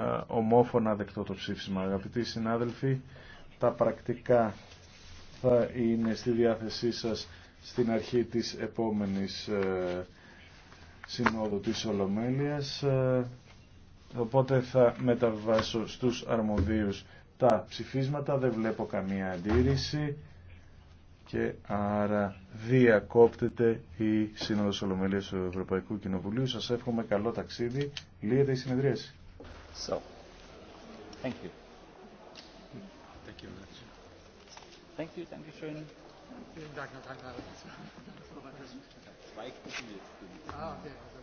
Ε, ομόφωνα δεκτό το ψήφισμα. Αγαπητοί συνάδελφοι, τα πρακτικά θα είναι στη διάθεσή σας στην αρχή της επόμενης ε, συνόδου της Ολομέλειας. Ε, οπότε θα μεταβάσω στους αρμοδίους τα ψηφίσματα, δεν βλέπω καμία αντίρρηση και άρα διακόπτεται η Σύνοδος Ολομέλειας του Ευρωπαϊκού Κοινοβουλίου. Σας εύχομαι καλό ταξίδι. Λύεται η συνεδρίαση. So, thank you. Thank you. Thank you, danke schön. Vielen Dank, Herr Zwei Gruppen jetzt. Ah, okay.